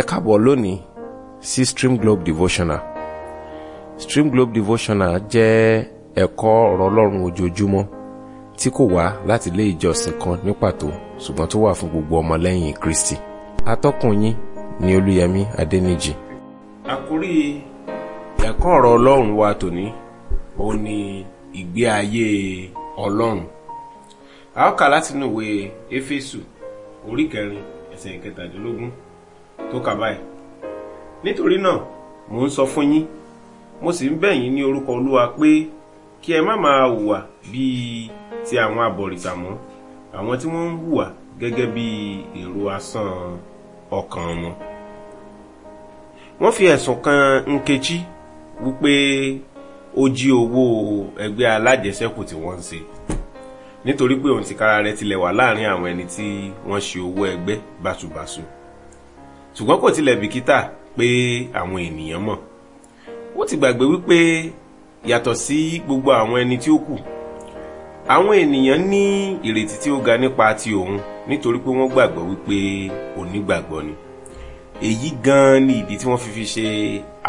ẹ káàbọ̀ lónìí sí Stream Globe Devotional Stream Globe Devotional jẹ́ ẹ̀kọ́ ọ̀rọ̀ ọlọ́run ojoojúmọ́ tí kò wá láti ilé ìjọsìn kan ní pàtó ṣùgbọ́n tó wà fún gbogbo ọmọlẹ́yìn Kristi atọ́kùn yín ni Olúyẹmí Adẹ́nìjì. àkórí ẹ̀kọ́ ọ̀rọ̀ ọlọ́run wa tòní òun ni ìgbé ayé ọlọ́run a ó kà látinú ìwé Éfésù orí kẹrin ẹsẹ̀ ìkẹtàdínlógún tó kà báyìí nítorí náà mò ń sọ fún yín mo sì ń bẹ̀ yín ní orúkọ olúwa pé kí ẹ má máa hùwà bíi ti àwọn abọ̀rìṣà mọ́ àwọn tí wọ́n ń hùwà gẹ́gẹ́ bí èrò asán ọkàn wọn. wọ́n fi ẹ̀sùn kan Nkechi wípé ó jí owó ẹgbẹ́ alájẹsẹ́kù tí wọ́n ń ṣe nítorí pé òun tìkára rẹ̀ tilẹ̀ wà láàrin àwọn ẹni tí wọ́n ṣe owó ẹgbẹ́ báṣubàṣu. Basu ṣùgbọ́n kò tilẹ̀ bìkítà pé àwọn ènìyàn mọ̀ ó ti gbàgbé wípé yàtọ̀ sí gbogbo àwọn ẹni tí ó kù àwọn ènìyàn ní ìrètí tí ó ga nípa ti òun nítorí pé wọ́n gbàgbọ́ wípé onígbàgbọ́ ni èyí gan ni ìdí tí wọ́n fi fi ṣe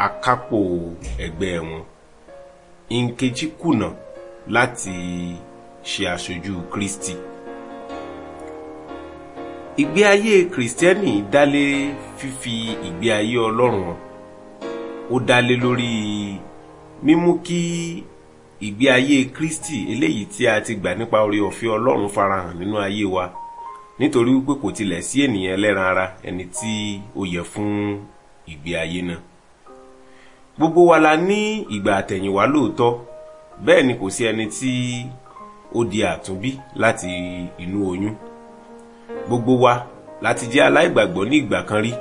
akápò ẹgbẹ́ wọn Nkechi kùnà láti ṣe aṣojú Kristi ìgbé ayé kìrìsìtẹ́nì dá lé fífi ìgbé ayé ọlọ́run hàn ó dá lórí mímú kí ìgbé ayé kristi eléyìí tí a ti gbà nípa oore ọ̀fẹ́ ọlọ́run farahàn nínú ayé wa nítorí wípé kò tilẹ̀ sí ènìyàn ẹlẹ́ran ara ẹni tí ó yẹ fún ìgbé ayé náà gbogbo wa la ní ìgbà àtẹ̀yìnwá lóòótọ́ bẹ́ẹ̀ ni kò sí ẹni tí ó di àtúnbí láti inú oyún gbogbo wa láti jẹ́ aláìgbàgbọ́ ní ìgbà kan rí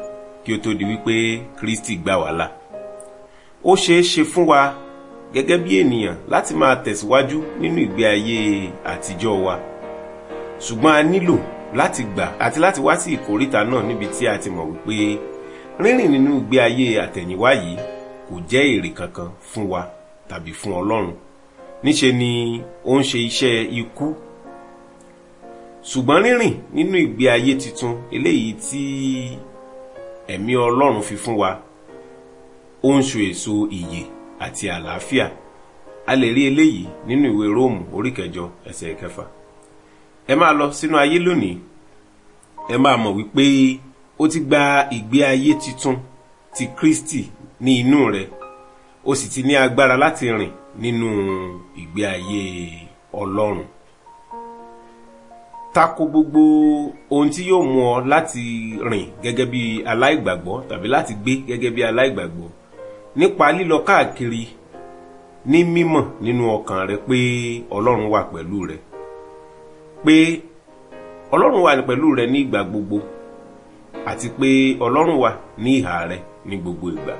kí ó tó di wípé Kristi gbà wá là ó ṣeé ṣe fún wa gẹ́gẹ́ bí ènìyàn láti máa tẹ̀síwájú nínú ìgbé ayé àtijọ́ wa ṣùgbọ́n a nílò láti gbà àti láti wá sí ìkóríta náà níbi tí a ti mọ̀ wípé rírìn nínú ìgbé ayé àtẹ̀yìnwá yìí kò jẹ́ èrè kankan fún wa tàbí fún Ọlọ́run níṣe ni ó ń ṣe iṣẹ́ ikú ṣùgbọ́n rírìn nínú ìgbé ayé tuntun eléyìí tí ẹ̀mí Ọlọ́run fi fún wa ó ń so èso ìyè àti àlàáfíà a lè rí eléyìí nínú ìwé Róòmù orí kẹjọ ẹsẹ̀ ìkẹfà ẹ máa lọ sínú ayé lónìí ẹ máa mọ̀ wípé ó ti gba ìgbé ayé tuntun ti Kristi ní inú rẹ ó sì ti ní agbára láti rìn nínú ìgbé ayé Ọlọ́run tako gbogbo ohun tí yóò mú ọ láti rìn gẹ́gẹ́ bí aláìgbàgbọ́ tàbí láti gbé gẹ́gẹ́ bí aláìgbàgbọ́ nípa lílọ káàkiri ní mímọ̀ nínú ọkàn rẹ pé ọlọ́run wà pẹ̀lú rẹ pé ọlọ́run wà pẹ̀lú rẹ ní ìgbà gbogbo àti pé ọlọ́run wà ní ìhà rẹ ní gbogbo ìgbà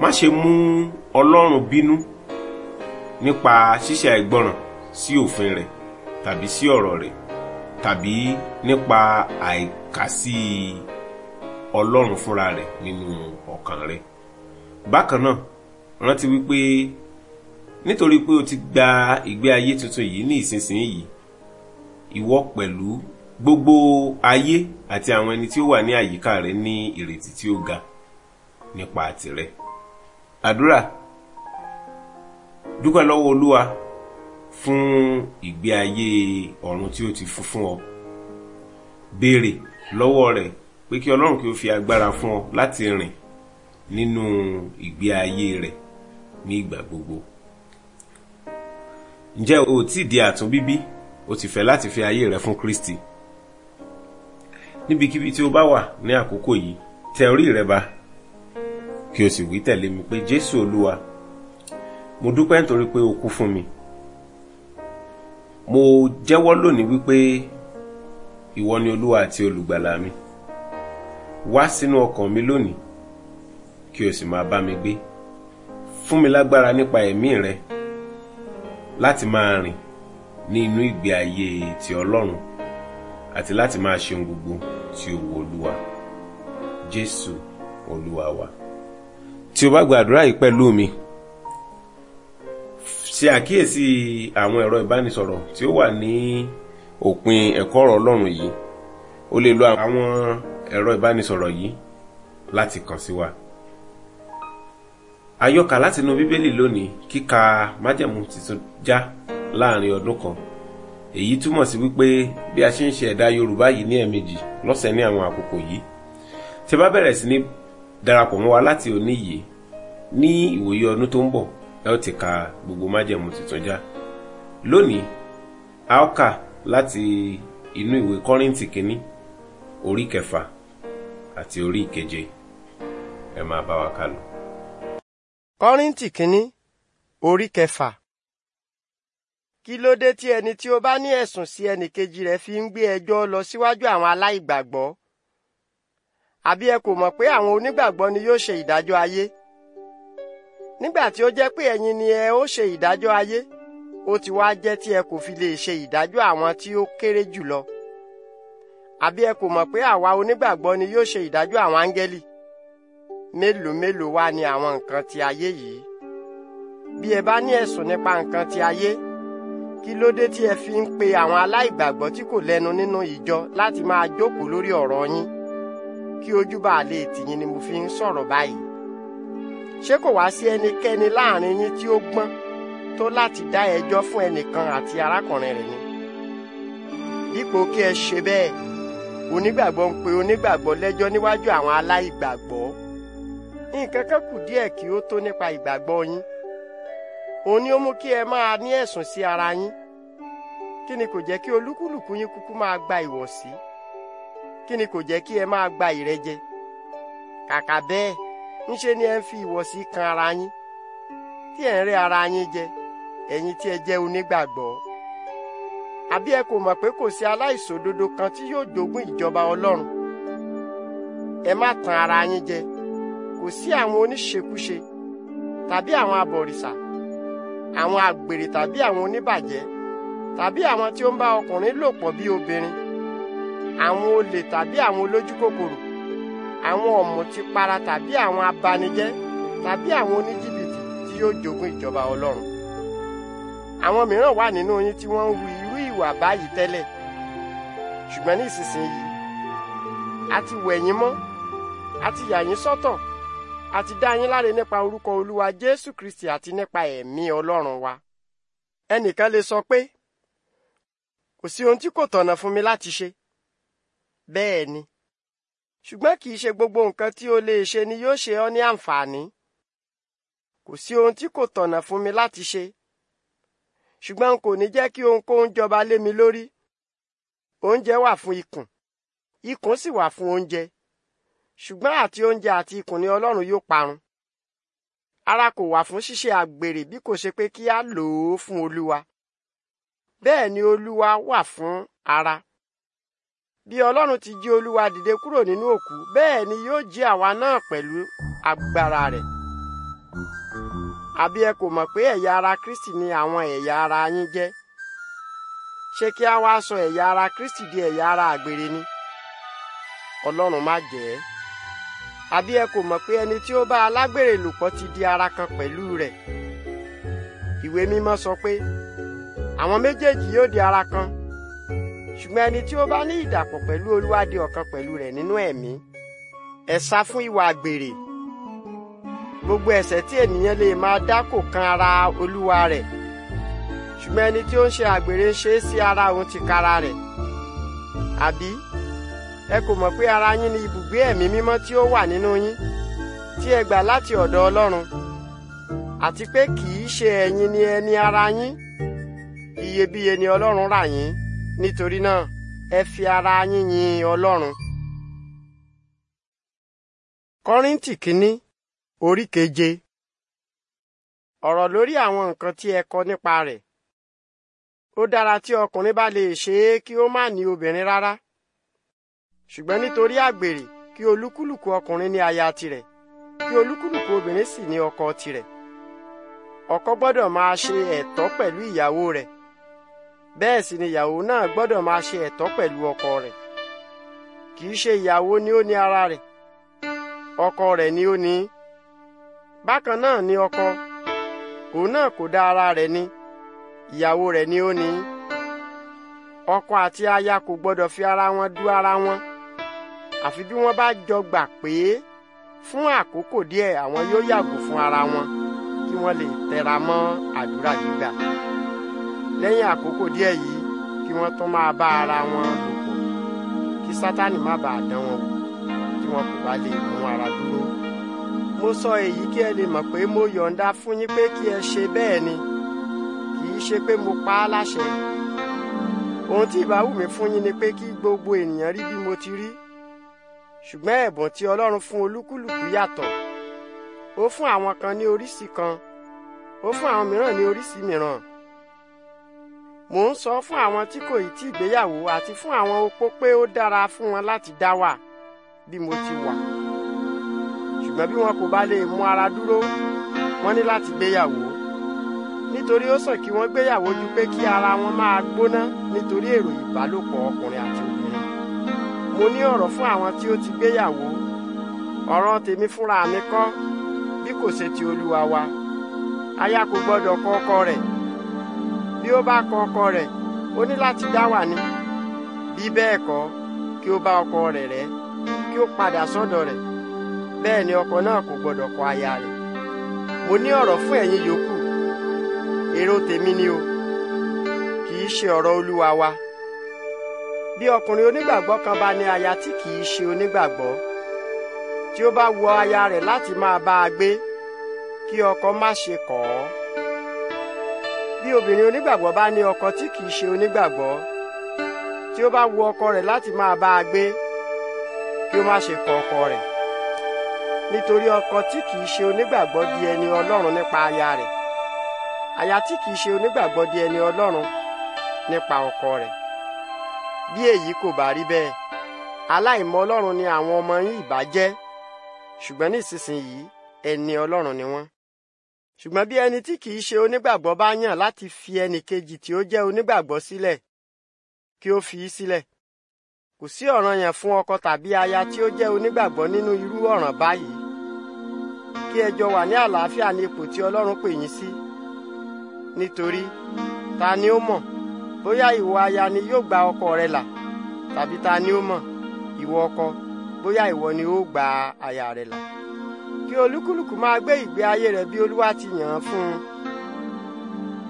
má ṣe mú ọlọ́run bínú nípa ṣíṣe àìgbọràn sí òfin rẹ̀ tàbí sí ọ̀rọ̀ rẹ̀ tàbí nípa àìkàsí ọlọ́run fúnra rẹ̀ nínú ọkàn rẹ̀ bákan náà rántí wípé nítorí pé o ti gba ìgbé ayé tuntun yìí ní ìsinsìnyí yìí ìwọ pẹ̀lú gbogbo ayé àti àwọn ẹni tí ó wà ní àyíká rẹ ní ìrètí tí ó ga nípa tìrẹ àdúrà dúpẹ́ lọ́wọ́ olúwa fún ìgbé ayé ọ̀run tí ó ti fún fún ọ béèrè lọ́wọ́ rẹ̀ pé kí ọlọ́run kí ó fi agbára fún ọ láti rìn nínú ìgbé ayé rẹ̀ ní ìgbà gbogbo ǹjẹ́ o ti di àtúnbíbí o ti fẹ́ láti fi ayé rẹ fún Kristi níbikíbi tí o bá wà ní àkókò yìí tẹ orí rẹ ba kí o sì wí tẹ̀lé mi pé Jésù Olúwa mo dúpẹ́ nítorí pé o kú fún mi mo jẹ́wọ́ lónìí wípé ìwọ ni olúwa àti olùgbàlà mi wá sínú ọkàn mi lónìí kí o sì máa bá mi gbé fún mi lágbára nípa ẹ̀mí rẹ láti máa rìn ní inú ìgbé ayé ti ọlọ́run àti láti máa ṣe ohun gbogbo tí ó wu olúwa jésù olúwa wa tí o bá gbàdúrà yìí pẹ̀lú mi ṣe àkíyèsí àwọn ẹ̀rọ ìbánisọ̀rọ̀ tí ó wà ní òpin ẹ̀kọ́ ọ̀rọ̀ ọlọ́run yìí o lè lo àwọn ẹ̀rọ ìbánisọ̀rọ̀ yìí láti kàn sí wa. àyọkà látinú bíbélì lónìí kíka májẹ̀mú tuntun já láàrin ọdún kan èyí túmọ̀ sí wípé bí a ṣe ń ṣe ẹ̀dà yorùbá yìí ní ẹ̀ẹ̀mejì lọ́sẹ̀ ní àwọn àkókò yìí tí bá bẹ̀rẹ̀ sí ní darapọ̀ mọ́ wa láti òní yìí ní ìwòye ọdún tó ń bọ̀ ẹ ó ti ka gbogbo májẹ̀mú tuntun já lónìí a ó kà láti inú ìwé kọ́rìntì kínní orí kẹfà àti orí ìkeje ẹ máa bá wa kà lọ. kọ́rìntì kínní orí kẹfà kí ló dé tí ẹni tí ó bá ní ẹ̀sùn sí ẹnìkejì rẹ̀ fi ń gbé ẹjọ́ lọ síwájú àwọn aláìgbàgbọ́ àbí ẹ kò mọ̀ pé àwọn onígbàgbọ́ ni yóò ṣe ìdájọ́ ayé? nígbà tí ó jẹ́ pé ẹ̀yin ni ẹ ó ṣe ìdájọ́ ayé ó ti wá jẹ́ tí ẹ kò fi lè ṣe ìdájọ́ àwọn tí ó kéré jùlọ àbí ẹ kò mọ̀ pé àwa onígbàgbọ́ ni yóò ṣe ìdájọ́ àwọn áńgẹ́lì mélòó mélòó wá ni àwọn nǹkan ti ayé yìí bí ẹ bá ní ẹ̀sùn nípa nǹkan ti ayé kí ló dé tí ẹ fi ń pe àwọn aláìgbàgbọ́ tí kò lẹ́nu nínú ìjọ láti máa jókòó lórí ọ̀rọ̀ yín kí ojú bá lè ni mo fi ń sọ̀rọ̀ báyìí ṣé kò wá sí ẹnikẹ́ni láàrin yín tí ó gbọ́n tó láti dá ẹjọ́ fún ẹnìkan àti arákùnrin rẹ̀ ni dípò kí ẹ ṣe bẹ́ẹ̀ onígbàgbọ́ ń pe onígbàgbọ́ lẹ́jọ́ níwájú àwọn aláìgbàgbọ́ nǹkan kan kù díẹ̀ kí ó tó nípa ìgbàgbọ́ yín òun ni ó mú kí ẹ máa ní ẹ̀sùn sí ara yín kí ni kò jẹ́ kí olúkúlùkù yín kúkú máa gba ìwọ̀sí kí ni kò jẹ́ kí ẹ gba ìrẹ́jẹ kàkà bẹ́ẹ̀ ńṣe ni ẹ ń fi ìwọ̀sí kan ara yín tí ẹ ń rẹ́ ara yín jẹ ẹ̀yin tí ẹ jẹ́ onígbàgbọ́ àbí ẹ kò mọ̀ pé kò sí aláìṣòdodo kan tí yóò jogún ìjọba Ọlọ́run ẹ má tan ara yín jẹ kò sí àwọn oníṣekúṣe tàbí àwọn abọ̀rìṣà àwọn àgbèrè tàbí àwọn oníbàjẹ́ tàbí àwọn tí ó ń bá ọkùnrin lò pọ̀ bí obìnrin àwọn olè tàbí àwọn olójúkòkòrò àwọn ọ̀mùtípara tàbí àwọn abanijẹ́ tàbí àwọn oníjìbìtì tí yóò jogún ìjọba ọlọ́run. àwọn mìíràn wà nínú yín tí wọ́n ń wu irú ìwà báyìí tẹ́lẹ̀ ṣùgbọ́n ní ìsinsìnyí a ti wẹ̀ yín mọ́ a ti yà yín sọ́tọ̀ a ti dá yín láre nípa orúkọ olúwa jésù kristi àti nípa ẹ̀mí ọlọ́run wa ẹnìkan lè sọ pé kò sí ohun tí kò tọ̀nà fún mi láti ṣe bẹ́ẹ̀ ni ṣùgbọ́n kì í ṣe gbogbo nǹkan tí o lè ṣe ni yóò ṣe ọ́ ní àǹfààní kò sí ohun tí kò tọ̀nà fún mi láti ṣe ṣùgbọ́n n kò ní jẹ́ kí ohunkóhun jọba lé mi lórí oúnjẹ wà fún ikùn ikùn sì wà fún oúnjẹ ṣùgbọ́n àti oúnjẹ àti ikùn ni Ọlọ́run yóò parun ara kò wà fún ṣíṣe àgbèrè bí kò ṣe pé kí a lò ó fún Olúwa bẹ́ẹ̀ ni Olúwa wà fún ara bí ọlọ́run ti jí olúwa dìde kúrò nínú òkú bẹ́ẹ̀ ni yóò jí àwa náà pẹ̀lú agbára rẹ̀ àbí ẹ kò mọ̀ pé ẹ̀yà ara kristi ni àwọn ẹ̀yà ara yín jẹ́ ṣé kí a wá sọ ẹ̀yà ara kristi di ẹ̀yà ara àgbèrè ni ọlọ́run má jẹ́ ẹ́ àbí ẹ kò mọ̀ pé ẹni tí ó bá alágbèrè lò ti di ara kan pẹ̀lú rẹ̀ ìwé mímọ́ sọ pé àwọn méjèèjì yóò di ara kan ṣùgbọ́n ẹni tí ó bá ní ìdàpọ̀ pẹ̀lú Olúwa di ọ̀kan pẹ̀lú rẹ̀ nínú ẹ̀mí ẹ sá fún ìwà àgbèrè gbogbo ẹ̀ṣẹ̀ tí ènìyàn lè máa dá kò kan ara Olúwa rẹ̀ ṣùgbọ́n ẹni tí ó ń ṣe àgbèrè ṣe é sí ara òun tìkára rẹ̀ àbí ẹ kò mọ̀ pé ara yín ni ibùgbé ẹ̀mí mímọ́ tí ó wà nínú yín tí ẹ gbà láti ọ̀dọ̀ Ọlọ́run àti pé kì í ṣe ẹ̀yin ni ẹni ara yín iyebíye ni Ọlọ́run rà yín nítorí náà ẹ fi ara yín yin ọlọ́run. kọ́ríntì kínní orí keje ọ̀rọ̀ lórí àwọn nǹkan tí ẹ kọ nípa rẹ̀ ó dára tí ọkùnrin bá lè ṣe é kí ó má ní obìnrin rárá ṣùgbọ́n nítorí àgbèrè kí olúkúlùkù ọkùnrin ní aya tirẹ̀ kí olúkúlùkù obìnrin sì ní ọkọ tirẹ̀ ọkọ gbọ́dọ̀ máa ṣe ẹ̀tọ́ pẹ̀lú ìyàwó rẹ̀ bẹ́ẹ̀ sì ni ìyàwó náà gbọ́dọ̀ máa ṣe ẹ̀tọ́ pẹ̀lú ọkọ rẹ̀ kì í ṣe ìyàwó ni ó ní ara rẹ̀ ọkọ rẹ̀ ni ó ní bákan náà ni ọkọ òun náà kò dá ara rẹ̀ ní ìyàwó rẹ̀ ni ó ní ọkọ àti aya kò gbọ́dọ̀ fi ara wọn dú ara wọn àfi bí wọ́n bá jọ gbà pé fún àkókò díẹ̀ àwọn yóò yàgò fún ara wọn kí wọ́n lè tẹra mọ́ àdúrà gbígbà lẹ́yìn àkókò díẹ̀ yìí kí wọ́n tún máa bá ara wọn lò pọ̀ kí sátani má bàa dán wọn wò tí wọn kò bá lè mú ara dúró. mo sọ èyí kí ẹ lè mọ̀ pé mo yọ̀ǹda fún yín pé kí ẹ ṣe bẹ́ẹ̀ ni kì í ṣe pé mo pa á láṣẹ. ohun tí ìbá wù mí fún yín ni pé kí gbogbo ènìyàn rí bí mo ti rí. ṣùgbọ́n ẹ̀bùn tí ọlọ́run fún olúkúlùkù yàtọ̀. ó fún àwọn kan ní oríṣi kan ó fún àwọn mìíràn ní oríṣi mìíràn mò ń sọ fún àwọn tí kò ì tí ìgbéyàwó àti fún àwọn opó pé ó dára fún wọn láti dá wà bí mo ti wà ṣùgbọ́n bí wọn kò bá lè mú ara dúró wọ́n ní láti gbéyàwó nítorí ó sàn kí wọ́n gbéyàwó ju pé kí ara wọn máa gbóná nítorí èrò ìbálòpọ̀ ọkùnrin àti obìnrin mo ní ọ̀rọ̀ fún àwọn tí ó ti gbéyàwó ọ̀rọ̀ tèmi fúnra mi kọ́ bí kò ṣe ti olúwa wa aya kò gbọ́dọ̀ kọ ọkọ rẹ̀ ó bá kọ ọkọ rẹ̀ ó ní láti dá wà ni bí bẹ́ẹ̀ kọ́ kí ó bá ọkọ rẹ̀ rẹ́ kí ó padà sọ́dọ̀ rẹ̀ bẹ́ẹ̀ ni ọkọ náà kò gbọdọ̀ kọ aya rẹ̀ mo ní ọ̀rọ̀ fún ẹ̀yin yòókù èrò tèmi ni o kì í ṣe ọ̀rọ̀ olúwa wa bí ọkùnrin onígbàgbọ́ kan bá ní aya tí kì í ṣe onígbàgbọ́ tí ó bá wọ aya rẹ̀ láti máa bá a gbé kí ọkọ má ṣe kọ̀ ọ́ bí obìnrin onígbàgbọ́ bá ní ọkọ tí kìí ṣe onígbàgbọ́ tí ó bá wu ọkọ rẹ̀ láti máa bá a gbé kí ó má ṣe kọ ọkọ rẹ̀ nítorí ọkọ tí kìí ṣe onígbàgbọ́ di ẹni ọlọ́run nípa aya rẹ̀ aya tí kìí ṣe onígbàgbọ́ di ẹni ọlọ́run nípa ọkọ rẹ̀ bí èyí kò bá rí bẹ́ẹ̀ aláìmọ̀ ọlọ́run ni àwọn ọmọ yín ìbá jẹ́ ṣùgbọ́n nísinsìnyí ẹni ọlọ́run ni wọ́n ṣùgbọ́n bí ẹni tí kìí ṣe onígbàgbọ́ bá yàn láti fi ẹnì kejì tí ó jẹ́ onígbàgbọ́ sílẹ̀ kí ó fi í sílẹ̀ kò sí ọ̀ranyàn fún ọkọ tàbí aya tí ó jẹ́ onígbàgbọ́ nínú irú ọ̀ràn báyìí kí ẹ wà ní àlàáfíà ní ipò tí Ọlọ́run pè yín sí nítorí ta ni ó mọ̀ bóyá ìwọ aya ni yóò gba ọkọ rẹ là tàbí ta ni ó mọ̀ ìwọ ọkọ bóyá ìwọ ni ó gba aya rẹ là kí olúkúlùkù máa gbé ìgbé ayé rẹ̀ bí olúwa ti yàn án fún un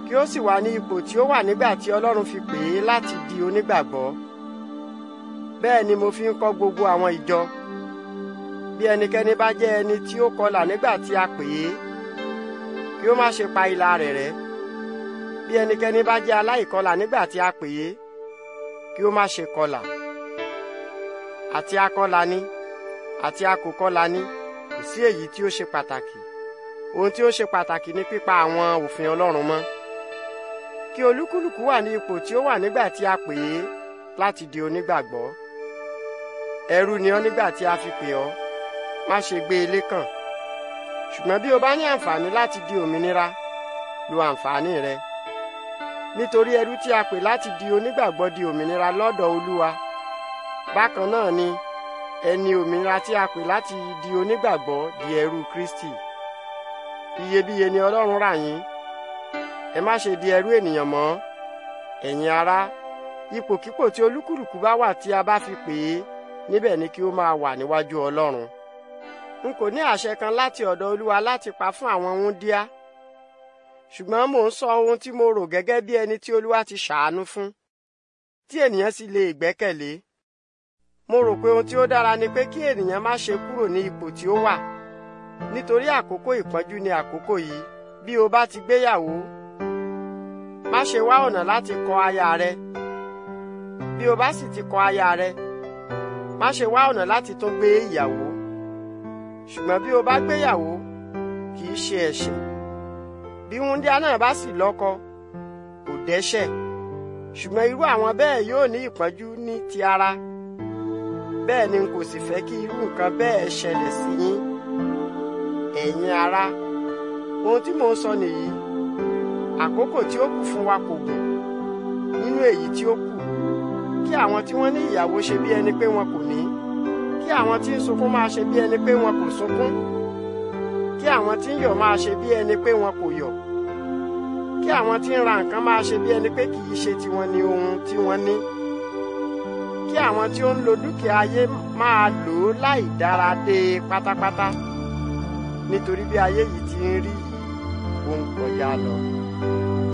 kí ó sì wà ní ipò tí ó wà nígbà tí ọlọ́run fi pè é láti di onígbàgbọ́ bẹ́ẹ̀ ni mo fi ń kọ́ gbogbo àwọn ìjọ bí ẹnikẹ́ni bá jẹ́ ẹni tí ó kọlà nígbà tí a pè é kí ó má ṣe pa ìlà rẹ̀ rẹ́ bí ẹnikẹ́ni bá jẹ́ aláìkọlà nígbà tí a pè é kí ó má ṣe kọlà àti akọlà ni àti akòkọlà ni pàtàkì sí èyí tí ó ṣe pàtàkì ohun tí ó ṣe pàtàkì ni pípa àwọn òfin Ọlọ́run mọ́ kí olúkúlùkù wà ní ipò tí ó wà nígbà tí a pè é láti di onígbàgbọ́ ẹrú ni ọ́ nígbà tí a fi pè ọ́ má ṣe gbé ilé kàn ṣùgbọ́n bí o bá ní àǹfààní láti di òmìnira lo àǹfààní rẹ nítorí ẹrú tí a pè láti di onígbàgbọ́ di òmìnira lọ́dọ̀ Olúwa bákan náà ni ẹni òmìnira tí a pè láti di onígbàgbọ́ di ẹrú Kristi iyebíye ni Ọlọ́run rà yín ẹ má ṣe di ẹrú ènìyàn mọ́ ẹ̀yin ará ipòkípò tí olúkúlùkù bá wà tí a bá fi pè é níbẹ̀ ni kí ó máa wà níwájú Ọlọ́run n kò ní àṣẹ kan láti ọ̀dọ̀ Olúwa láti pa fún àwọn wúndíá ṣùgbọ́n mò ń sọ ohun tí mo rò gẹ́gẹ́ bí ẹni tí Olúwa ti ṣàánú fún tí ènìyàn sì lè gbẹ́kẹ̀lé mo rò pé ohun tí ó dára ni pé kí ènìyàn má ṣe kúrò ní ipò tí ó wà nítorí àkókò ìpọ́njú ni àkókò yìí bí o bá ti gbéyàwó má ṣe wá ọ̀nà láti kọ aya rẹ bí o bá sì ti kọ aya rẹ má ṣe wá ọ̀nà láti tún gbé ìyàwó ṣùgbọ́n bí o bá gbéyàwó kì í ṣe ẹ̀ṣẹ̀ bí wúndíá náà bá sì lọ́kọ kò dẹ́ṣẹ̀ ṣùgbọ́n irú àwọn bẹ́ẹ̀ yóò ní ìpọ́njú ní ti ara bẹ́ẹ̀ ni n kò sì fẹ́ kí irú nǹkan bẹ́ẹ̀ ṣẹlẹ̀ sí yín ẹ̀yin ará ohun tí mò ń sọ nìyí àkókò tí ó kù fún wa kò gùn nínú èyí tí ó kù kí àwọn tí wọ́n ní ìyàwó ṣe bí ẹni pé wọn kò ní kí àwọn tí ń sunkún máa ṣe bí ẹni pé wọn kò sunkún kí àwọn tí ń yọ̀ máa ṣe bí ẹni pé wọn kò yọ̀ kí àwọn tí ń ra nǹkan máa ṣe bí ẹni pé kì í ṣe tiwọn ni ohun tí wọ́n ní kí àwọn tí ó ń lo dúkìá ayé máa lò ó láì dára dé pátápátá nítorí bí ayé yìí ti ń rí ó ń kọjá lọ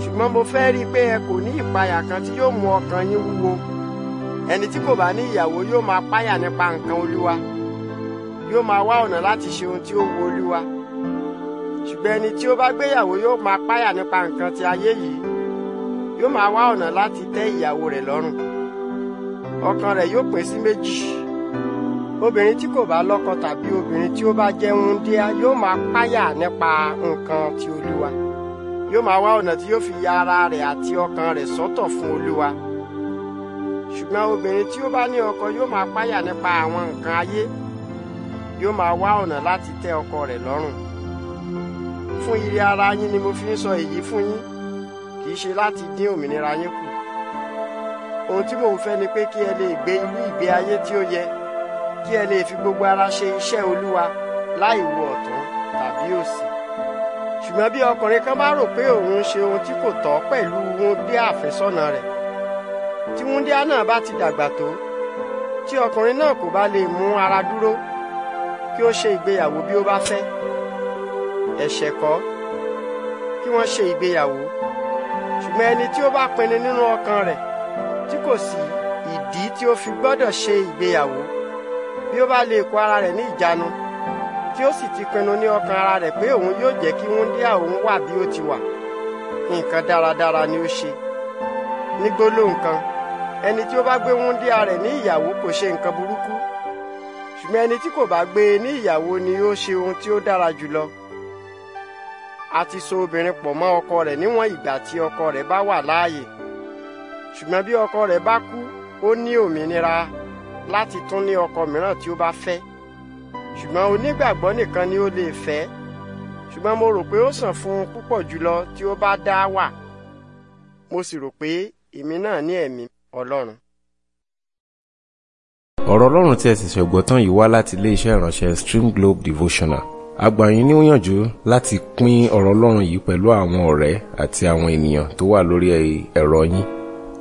ṣùgbọ́n mo fẹ́ rí i pé ẹ kò ní ìpayà kan tí yóò mú ọkàn yín wúwo ẹni tí kò bá ní ìyàwó yóò máa páyà nípa nǹkan olúwa yóò máa wá ọ̀nà láti ṣe ohun tí ó wu olúwa ṣùgbọ́n ẹni tí ó bá gbéyàwó yóò máa páyà nípa nǹkan ti ayé yìí yóò máa wá ọ̀nà láti tẹ́ ìyàwó rẹ̀ lọ́rùn ọkàn rẹ̀ yóò pín sí méjì obìnrin tí kò bá lọ́kọ tàbí obìnrin tí ó bá jẹ́ wúńdíá yóò máa páyà nípa nǹkan ti olúwa yóò máa wá ọ̀nà tí yóò fi ya ara rẹ̀ àti ọkàn rẹ̀ sọ́tọ̀ fún olúwa ṣùgbọ́n obìnrin tí ó bá ní ọkọ yóò máa páyà nípa àwọn nǹkan ayé yóò máa wá ọ̀nà láti tẹ́ ọkọ rẹ̀ lọ́rùn fún ire ara yín ni mo fi ń sọ èyí fún yín kì í ṣe láti dín òmìnira yín kù ohun tí mò ń fẹ́ ni pé kí ẹ lè gbé irú ìgbé ayé tí ó yẹ kí ẹ lè fi gbogbo ara ṣe iṣẹ́ olúwa láì wo ọ̀tún tàbí òsì ṣùgbọ́n bí ọkùnrin kan bá rò pé òun ń ṣe ohun tí kò tọ́ pẹ̀lú wúndíá àfẹ́sọ́nà rẹ̀ tí wúndíá náà bá ti dàgbà tó tí ọkùnrin náà kò bá lè mú ara dúró kí ó ṣe ìgbéyàwó bí ó bá fẹ́ ẹ̀ṣẹ̀ kọ́ kí wọ́n ṣe ìgbéyàwó ṣùgbọ́n ẹni tí ó bá pinnu nínú ọkàn rẹ̀ tí kò sí ìdí tí ó fi gbọ́dọ̀ ṣe ìgbéyàwó bí ó bá lè kó ara rẹ̀ ní ìjánu tí ó sì ti pinnu ní ọkàn ara rẹ̀ pé òun yóò jẹ́ kí wúńdíá òun wà bí ó ti wà nǹkan dáradára ni ó ṣe ní gbólóhùn kan ẹni tí ó bá gbé wúńdíá rẹ̀ ní ìyàwó kò ṣe nǹkan burúkú ṣùgbọ́n ẹni tí kò bá gbé e ní ìyàwó ni ó ṣe ohun tí ó dára jùlọ a ti so obìnrin pọ̀ mọ́ ọkọ rẹ̀ níwọ̀n ìgbà tí ọkọ rẹ̀ bá wà láàyè ṣùgbọ́n bí ọkọ rẹ̀ bá kú ó ní òmìnira láti tún ní ọkọ mìíràn tí ó bá fẹ́ ṣùgbọ́n onígbàgbọ́ nìkan ni ó lè fẹ́ ṣùgbọ́n mo rò pé ó sàn fún un púpọ̀ jùlọ tí ó bá dá wà mo sì rò pé èmi náà ní ẹ̀mí ọlọ́run. ọ̀rọ̀ ọlọ́run tí ẹ sì ṣẹ̀gbọ́ tán yìí wá láti iléeṣẹ́ ìránṣẹ́ Stream Globe Devotional àgbà yín ní ó yànjú láti pín ọ̀rọ̀ ọlọ́run yìí pẹ̀lú àwọn ọ̀rẹ́ àti àwọn ènìyàn tó wà lórí ẹ̀rọ yín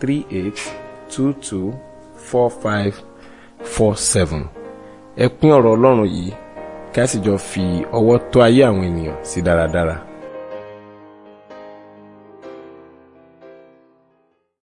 three eight two two four five four seven ẹ pín ọ̀rọ̀ ọlọ́run yìí kí a sì jọ fi ọwọ́ tó ayé àwọn ènìyàn sí dáradára.